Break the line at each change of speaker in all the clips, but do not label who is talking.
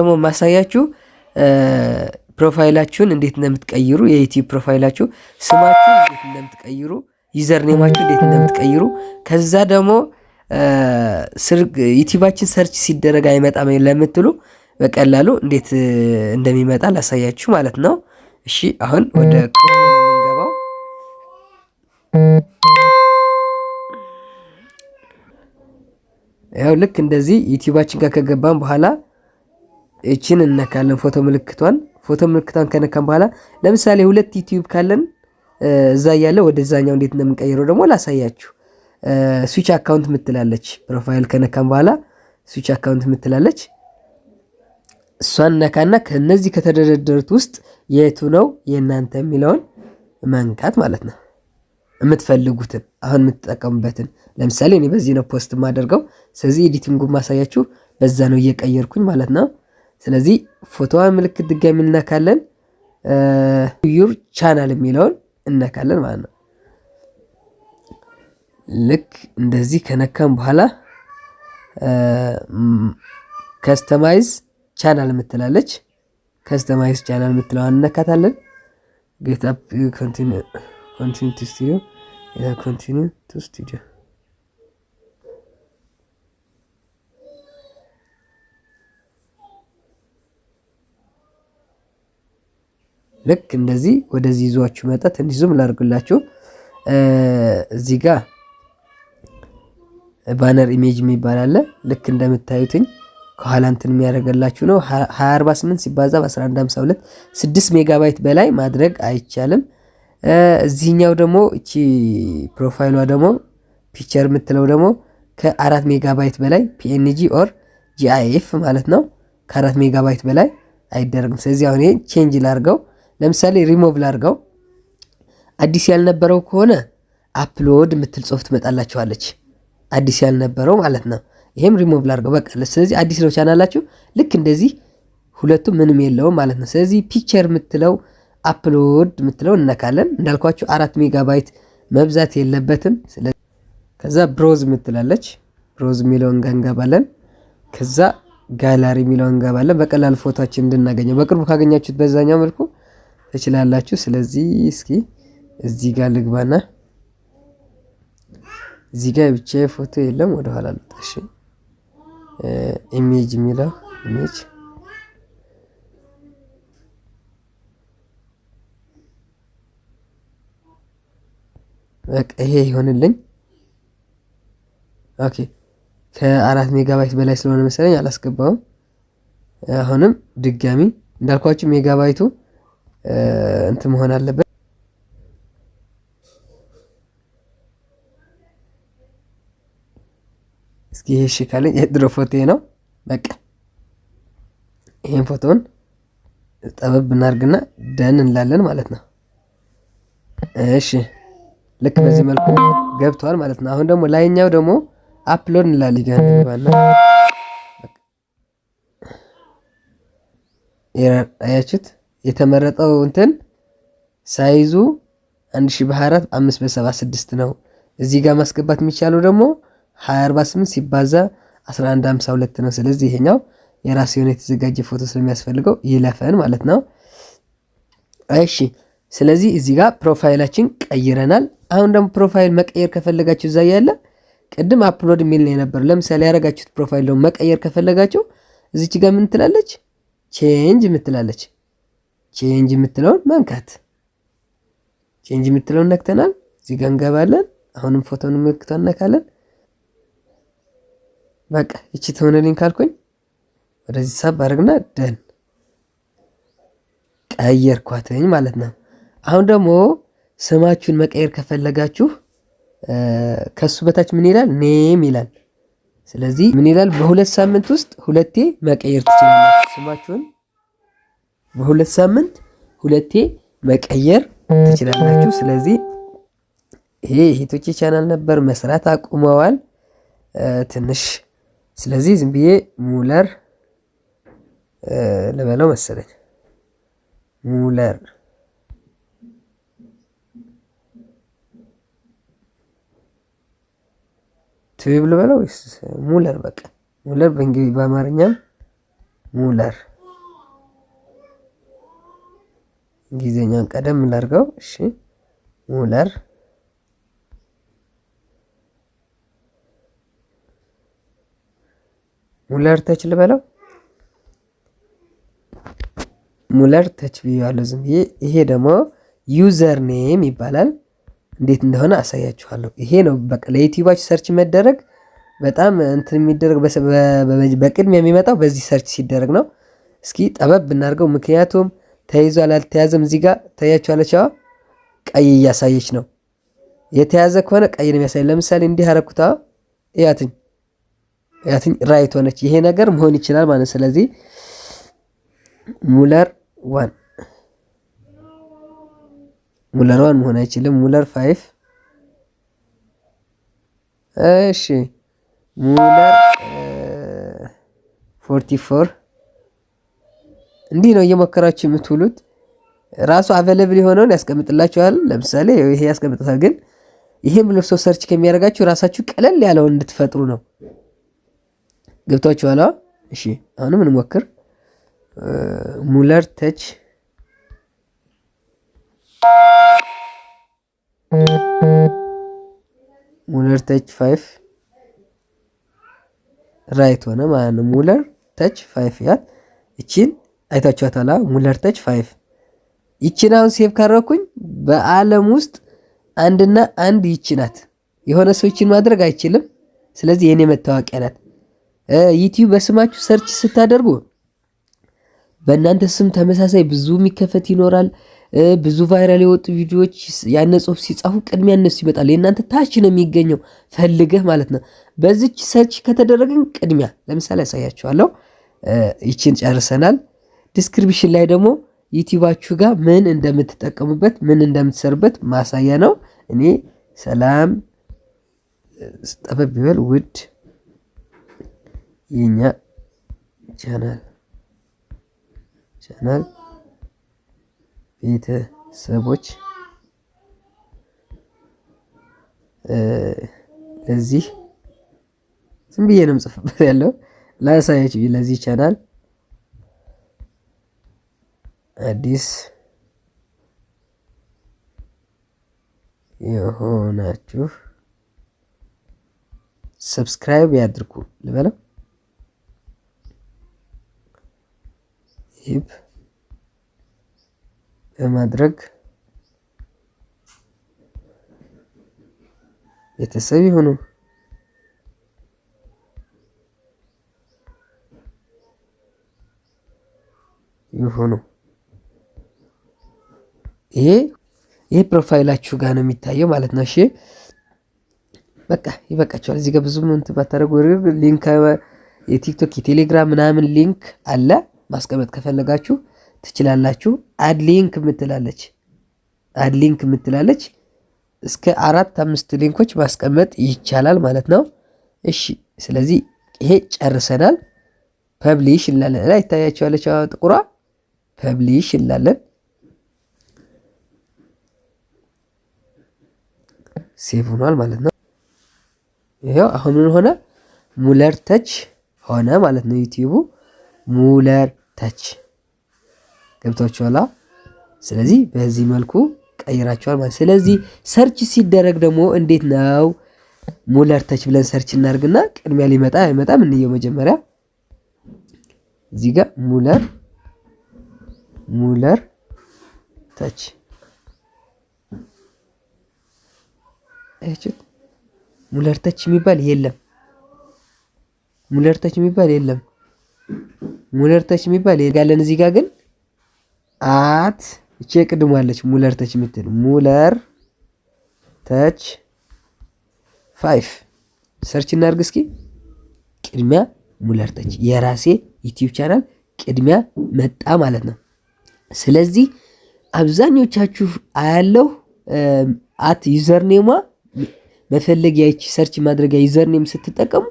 ደግሞ ማሳያችሁ ፕሮፋይላችሁን እንዴት እንደምትቀይሩ የዩቲዩብ ፕሮፋይላችሁ ስማችሁ እንዴት እንደምትቀይሩ ዩዘርኔማችሁ እንዴት እንደምትቀይሩ ከዛ ደግሞ ዩቲዩባችን ሰርች ሲደረግ አይመጣም ለምትሉ በቀላሉ እንዴት እንደሚመጣ ላሳያችሁ ማለት ነው። እሺ አሁን ወደ ያው ልክ እንደዚህ ዩቲዩባችን ጋር ከገባን በኋላ እችን እነካለን ፎቶ ምልክቷን። ፎቶ ምልክቷን ከነካን በኋላ ለምሳሌ ሁለት ዩቲዩብ ካለን እዛ እያለ ወደዛኛው እንዴት እንደምንቀይረው ደግሞ ላሳያችሁ። ስዊች አካውንት ምትላለች ፕሮፋይል ከነካን በኋላ ስዊች አካውንት ምትላለች እሷን ነካና ከነዚህ ከተደረደሩት ውስጥ የቱ ነው የእናንተ የሚለውን መንካት ማለት ነው። የምትፈልጉትን አሁን የምትጠቀሙበትን ለምሳሌ እኔ በዚህ ነው ፖስት የማደርገው። ስለዚህ ኤዲቲንጉ ማሳያችሁ በዛ ነው እየቀየርኩኝ ማለት ነው። ስለዚህ ፎቶዋ ምልክት ድጋሚ እንነካለን። ዩር ቻናል የሚለውን እነካለን ማለት ነው። ልክ እንደዚህ ከነካም በኋላ ከስተማይዝ ቻናል የምትላለች ከስተማይዝ ቻናል የምትለዋን እነካታለን። ጌታ ኮንቲኒ ቱ ስቱዲዮ ኮንቲኒ ቱ ስቱዲዮ ልክ እንደዚህ ወደዚህ ይዟችሁ መጣ። ትንሽ ዙም እዚህ ጋር ባነር ኢሜጅ የሚባል አለ። ልክ እንደምታዩትኝ ከኋላ እንትን የሚያደርገላችሁ ነው። 248 ሲባዛ በ1152 6 ሜጋባይት በላይ ማድረግ አይቻልም። እዚህኛው ደግሞ እቺ ፕሮፋይሏ ደግሞ ፒክቸር የምትለው ደግሞ ከአራት ሜጋባይት በላይ ፒኤንጂ ኦር ጂአይኤፍ ማለት ነው። ከአራት ሜጋባይት በላይ አይደረግም። ስለዚህ አሁን ቼንጅ ላርገው ለምሳሌ ሪሞቭ ላርገው። አዲስ ያልነበረው ከሆነ አፕሎድ የምትል ጽሁፍ ትመጣላችኋለች። አዲስ ያልነበረው ማለት ነው። ይሄም ሪሞቭ ላርገው በቃ። ስለዚህ አዲስ ነው ቻናላችሁ። ልክ እንደዚህ ሁለቱም ምንም የለውም ማለት ነው። ስለዚህ ፒክቸር የምትለው አፕሎድ የምትለው እነካለን። እንዳልኳችሁ አራት ሜጋባይት መብዛት የለበትም። ከዛ ብሮዝ የምትላለች ብሮዝ የሚለው ጋር ከዛ ጋላሪ የሚለው እንገባለን። በቀላል ፎቶችን እንድናገኘው በቅርቡ ካገኛችሁት በዛኛው መልኩ ትችላላችሁ። ስለዚህ እስኪ እዚህ ጋር ልግባና እዚህ ጋር ብቻ ፎቶ የለም፣ ወደኋላ ልጣሽ ኢሜጅ የሚለው ኢሜጅ በቃ ይሄ ይሆንልኝ። ኦኬ ከአራት ሜጋባይት በላይ ስለሆነ መሰለኝ አላስገባውም። አሁንም ድጋሚ እንዳልኳችሁ ሜጋባይቱ እንት መሆን አለበት። እስኪ ይሄ እሺ ካለኝ የድሮ ፎቶ ነው። በቃ ይሄን ፎቶውን ጠበብ ብናርግና ደን እንላለን ማለት ነው። እሺ ልክ በዚህ መልኩ ገብቷል ማለት ነው። አሁን ደግሞ ላይኛው ደግሞ አፕሎድ እንላለን። ጋር እንገባና አያችሁት የተመረጠው እንትን ሳይዙ 1000 በ24 5 በ76 ነው። እዚህ ጋር ማስገባት የሚቻለው ደግሞ 248 ሲባዛ 1152 ነው። ስለዚህ ይሄኛው የራስ የሆነ የተዘጋጀ ፎቶ ስለሚያስፈልገው ይለፈን ማለት ነው። እሺ ስለዚህ እዚህ ጋር ፕሮፋይላችን ቀይረናል። አሁን ደግሞ ፕሮፋይል መቀየር ከፈለጋችሁ እዛ ያለ ቅድም አፕሎድ የሚል ነው የነበረው። ለምሳሌ ያደረጋችሁት ፕሮፋይል ደግሞ መቀየር ከፈለጋችሁ እዚች ጋር ምን ትላለች? ቼንጅ ምትላለች። ቼንጅ የምትለውን መንካት። ቼንጅ የምትለውን ነክተናል። እዚህ ጋ እንገባለን። አሁንም ፎቶን ምልክቷ ነካለን። በቃ ይቺ ትሆንልኝ ካልኩኝ ወደዚህ ሳብ አድርግና ደን ቀየርኳትኝ ማለት ነው። አሁን ደግሞ ስማችሁን መቀየር ከፈለጋችሁ ከሱ በታች ምን ይላል? ኔም ይላል። ስለዚህ ምን ይላል? በሁለት ሳምንት ውስጥ ሁለቴ መቀየር ትችላላችሁ ስማችሁን በሁለት ሳምንት ሁለቴ መቀየር ትችላላችሁ። ስለዚህ ይሄ የሄቶቼ ቻናል ነበር፣ መስራት አቁመዋል ትንሽ። ስለዚህ ዝም ብዬ ሙለር ልበለው መሰለኝ ሙለር ትዌብ ልበለው ወይስ ሙለር? በቃ ሙለር በእንግሊዝ በአማርኛም ሙለር እንግሊዝኛን ቀደም ላድርገው። እሺ ሙለር ሙለር ተች ልበለው። ሙለር ተች ብያለሁ ዝም ብዬ። ይሄ ደግሞ ዩዘር ኔም ይባላል። እንዴት እንደሆነ አሳያችኋለሁ። ይሄ ነው በቃ ለዩቲዩባችሁ ሰርች መደረግ በጣም እንትን የሚደረግ በቅድሚያ የሚመጣው በዚህ ሰርች ሲደረግ ነው። እስኪ ጠበብ ብናደርገው ምክንያቱም ተይዟል አልተያዘም። እዚህ ጋር ታያችኋለች። ቀይ እያሳየች ነው። የተያዘ ከሆነ ቀይ ነው የሚያሳይ። ለምሳሌ እንዲህ አረኩታ እያትኝ እያትኝ ራይት ሆነች። ይሄ ነገር መሆን ይችላል ማለት ስለዚህ ሙለር ዋን ሙለር ዋን መሆን አይችልም። ሙለር ፋይፍ እሺ ሙለር 44 እንዲህ ነው እየሞከራችሁ የምትውሉት። ራሱ አቬለብል የሆነውን ያስቀምጥላችኋል። ለምሳሌ ይሄ ያስቀምጥታል። ግን ይሄ ብሎ ሰው ሰርች ከሚያደርጋችሁ ራሳችሁ ቀለል ያለውን እንድትፈጥሩ ነው። ገብቷችኋል? እሺ፣ አሁንም እንሞክር። ሙለር ተች ሙለር ተች ፋይፍ ራይት ሆነ ማለት ነው። ሙለር ተች ፋይፍ ያት እቺን አይታችኋታላ ሙለር ተች ፋይቭ ይቺን አሁን ሴቭ ካረኩኝ በአለም ውስጥ አንድና አንድ ይቺ ናት። የሆነ ሰው ማድረግ አይችልም። ስለዚህ የኔ መታወቂያ ናት። ዩቲዩብ በስማችሁ ሰርች ስታደርጉ በእናንተ ስም ተመሳሳይ ብዙ የሚከፈት ይኖራል። ብዙ ቫይራል የወጡ ቪዲዮዎች ያነ ጽሁፍ ሲጻፉ ቅድሚያ እነሱ ይመጣል። የእናንተ ታች ነው የሚገኘው ፈልገህ ማለት ነው። በዚች ሰርች ከተደረገን ቅድሚያ ለምሳሌ ያሳያችኋለሁ። ይችን ጨርሰናል። ዲስክሪፕሽን ላይ ደግሞ ዩቲባችሁ ጋር ምን እንደምትጠቀሙበት ምን እንደምትሰሩበት ማሳያ ነው። እኔ ሰላም ጠበብ ይበል ውድ የኛ ቻናል ቻናል ቤተሰቦች ለዚህ ዝም ብዬ ነው ምጽፍበት ያለው ላሳያችሁ ለዚህ ቻናል አዲስ የሆናችሁ ሰብስክራይብ ያድርጉ ልበለው። ይህ በማድረግ ቤተሰብ ይሁኑ። ይሁኑ ይሄ ይሄ ፕሮፋይላችሁ ጋር ነው የሚታየው ማለት ነው። እሺ በቃ ይበቃችኋል። እዚህ ጋር ብዙም እንትን ባታደርጉ ሊንክ የቲክቶክ የቴሌግራም ምናምን ሊንክ አለ ማስቀመጥ ከፈለጋችሁ ትችላላችሁ። አድ ሊንክ የምትላለች አድ ሊንክ የምትላለች እስከ አራት አምስት ሊንኮች ማስቀመጥ ይቻላል ማለት ነው። እሺ ስለዚህ ይሄ ጨርሰናል። ፐብሊሽ እንላለን። ላይ ይታያቸዋለች ጥቁሯ ፐብሊሽ እንላለን። ሴቭ ሆኗል ማለት ነው። ይሄው አሁን ምን ሆነ? ሙለር ተች ሆነ ማለት ነው። ዩቲዩቡ ሙለር ተች ገብታችኋላ። ስለዚህ በዚህ መልኩ ቀይራችኋል ማለት። ስለዚህ ሰርች ሲደረግ ደግሞ እንዴት ነው? ሙለር ተች ብለን ሰርች እናርግና ቅድሚያ ሊመጣ አይመጣም እንየው። መጀመሪያ እዚህ ጋር ሙለር ሙለር ተች ሙለር ተች የሚባል የለም። ሙለር ተች የሚባል የለም። ተች የሚባል የጋለን እዚህ ጋር ግን አት እቺ የቅድሟለች ሙለርተች የምትል ሙለር ተች ፋይፍ ሰርች እናድርግ እስኪ። ቅድሚያ ተች የራሴ ዩቲዩብ ቻናል ቅድሚያ መጣ ማለት ነው። ስለዚህ አብዛኞቻችሁ አያለው አት ዩዘርኔማ መፈለጊያ ይቺ ሰርች ማድረጊያ ዩዘርኔም ስትጠቀሙ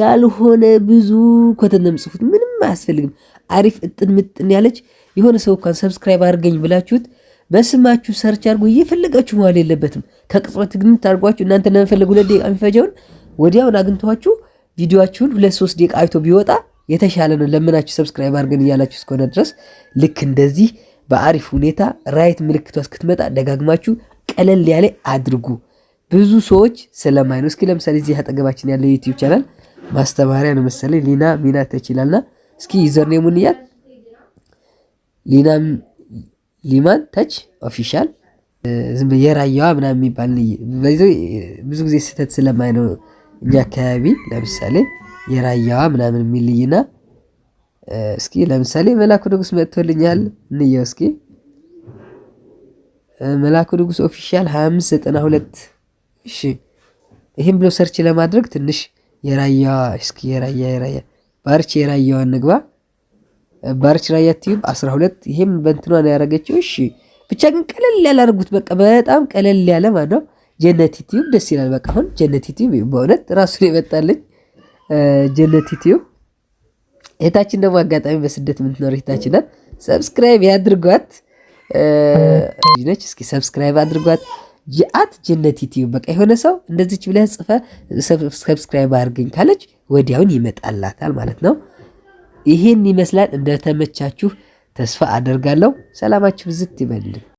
ያልሆነ ብዙ ኮተንም ጽፉት። ምንም አያስፈልግም። አሪፍ እጥን ምጥን ያለች የሆነ ሰው እንኳን ሰብስክራይብ አድርገኝ ብላችሁት በስማችሁ ሰርች አድርጎ እየፈለጋችሁ መዋል የለበትም። ከቅጽበት ግን ታርጓችሁ እናንተ ለመፈለግ ሁለት ደቂቃ የሚፈጀውን ወዲያውን አግኝተኋችሁ ቪዲዮችሁን ሁለት ሶስት ደቂቃ አይቶ ቢወጣ የተሻለ ነው። ለምናችሁ ሰብስክራይብ አድርገን እያላችሁ እስከሆነ ድረስ ልክ እንደዚህ በአሪፍ ሁኔታ ራይት ምልክቷ እስክትመጣ ደጋግማችሁ ቀለል ያለ አድርጉ። ብዙ ሰዎች ስለማይኑ እስኪ ለምሳሌ እዚህ አጠገባችን ያለ ዩቲዩብ ቻናል ማስተማሪያ ነው መሰለኝ ሊና ሚና ተችላልና እስኪ ዩዘርኔሙን እያል ሊና ሊማን ተች ኦፊሻል ዝም ብዬ የራያዋ ምናምን የሚባል ብዙ ጊዜ ስህተት ስለማይነው እኛ አካባቢ ለምሳሌ የራያዋ ምናምን የሚልይና እስኪ ለምሳሌ መላኩ ንጉስ መጥቶልኛል እንየው እስኪ መላኩ ንጉስ ኦፊሻል 2592 እሺ ይሄን ብሎ ሰርች ለማድረግ ትንሽ የራያዋ እስኪ የራያ የራያ ባርች የራያዋን ንግባ። ባርች ራያ ቲዩብ 12 ይሄም በእንትኗ ነው ያደረገችው። እሺ ብቻ ግን ቀለል ያለ አድርጉት። በቃ በጣም ቀለል ያለ ማለት ነው። ጀነት ቲዩብ ደስ ይላል። በቃ አሁን ጀነት ቲዩብ በእውነት ራሱን የመጣልኝ ጀነት ቲዩብ። እህታችን ደግሞ አጋጣሚ በስደት የምትኖር እህታችን ናት። ሰብስክራይብ ያድርጓት ነች። እስኪ ሰብስክራይብ አድርጓት። የአት ጀነት ዩቲዩብ በቃ የሆነ ሰው እንደዚች ብለህ ጽፈ ሰብስክራይብ አድርገኝ ካለች ወዲያውን ይመጣላታል ማለት ነው። ይህን ይመስላል። እንደተመቻችሁ ተስፋ አደርጋለሁ። ሰላማችሁ ብዝት ይበልል።